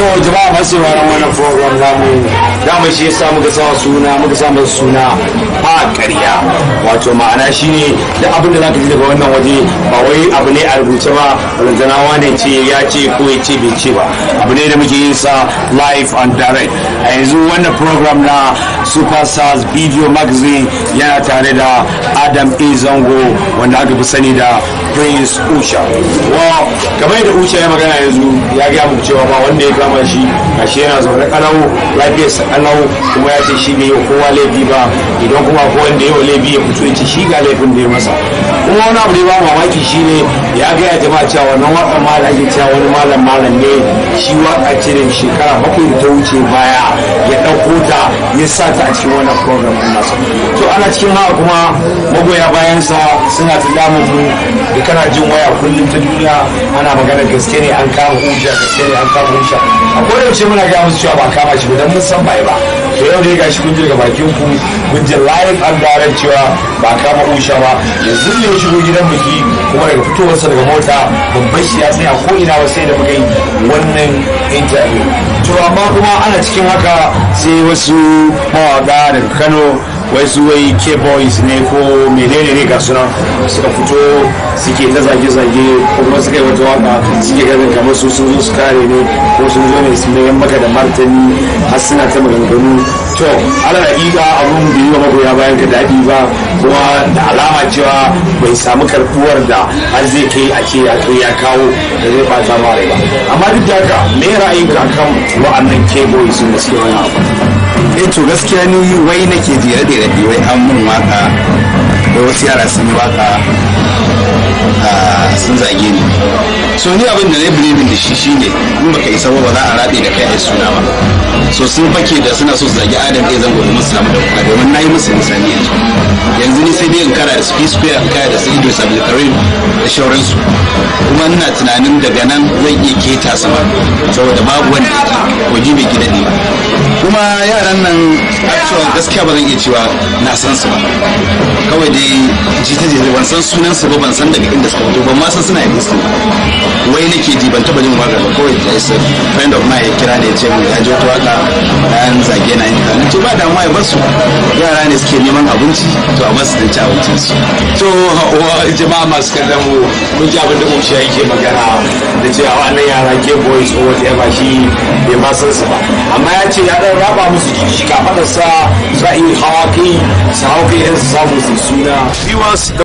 to jama'a masu yawaran wannan program namu dama shi yasa muka sa suna muka sa masa suna ba ƙarya wato ma'ana shine da abin da ka ji daga wannan waje ba wai abu ne a rubuce ba rantanawa ne ce ya ce ko ya ce bai ce ba abu ne da muke yin sa live and direct a yanzu wannan program na super stars video magazine yana tare da adam a zango wanda aka fi sani da prince usha wow. kamar yadda uce ya magana yanzu ya gaya mu cewa ba wanda ya kama shi a ashe yana zaune kalau lafiyarsa kalau kuma ya ce shi ne yi kowa laifi ba idan kuma ko wanda ya laifi ya fito ya ce shi ga laifin da ya masa kuma wani abu da ya ba mamaki shi ne ya gaya jama'a cewa wannan wakan malam da ake cewa wani malam malam ne shi waka ce da shekara bakwai da ta wuce baya ya ɗauko ta ya sa ta a cikin wannan program ɗin nasu to ana cikin haka kuma magoya bayansa suna ta damu mu da kana jin waya kullum ta duniya ana magana gaske ne an kama hujja gaske ne an kama hujja a kodayaushe muna gaya musu cewa ba kama shi ba don mun san bai ba to yau dai gashi kun jirga bakin ku kun ji live an daren cewa ba kama usha ba yanzu ne shigo gidan biki kuma daga fitowarsa daga mota babban shi ya a ko ina ba sai da muka yi wannan interview to amma kuma ana cikin haka sai wasu mawaka daga Kano wai su wai ke boys ne ko menene ne ga suna suka fito suke ta zage-zage ko kuma suka yi wata waka suke ganin kamar su sun zo su kare ne ko sun zo ne sun maka da martani har suna ta maganganu to ala hakika abun da yi wa magoya bayan ka daɗi ba kuma da alama cewa bai samu karbuwar da har zai kai a ce a kai ya kawo da zai bata mare ba amma duk da haka me ra'ayinka kan wa'annan ke boys ne suke wani abu eh to gaskiya ni wai nake jere da rabi wai an mun waka da wasu yara sun yi waka ah, sun zage ni so ni abin da na bilibin da shi shine in baka isa ba za a rabe da kai a suna ba so sun fake da suna so su zage adam ɗaya eh, zango domin su samu dauka domin na yi musu misali yanzu yanzu ni sai dai in kara da su square in kara da su idris abdulkarim da shauransu kuma ina tunanin daga nan zan iya keta sama saboda babu wanda ya ko jibi mutanen nan actual gaskiya ba zan iya cewa na san su ba kawai dai jita jita ban san sunan su ba ban san daga inda suka fito ban ma san suna existing ban taba jin waka ba kawai da isa friend of mine ya kira ne ya ce mun ya ji wata waka an zage na yin kanu to ba da mai basu yara ne suke neman abinci to a basu dan ci abincin su to jama'a masu kada mu mun ji abin da mu shi yake magana da a wannan yara ke boys or whatever shi bai ma san su ba amma ya ce ya dan raba musu jiki kafadarsa za a yi hawa kai su hau su samu su suna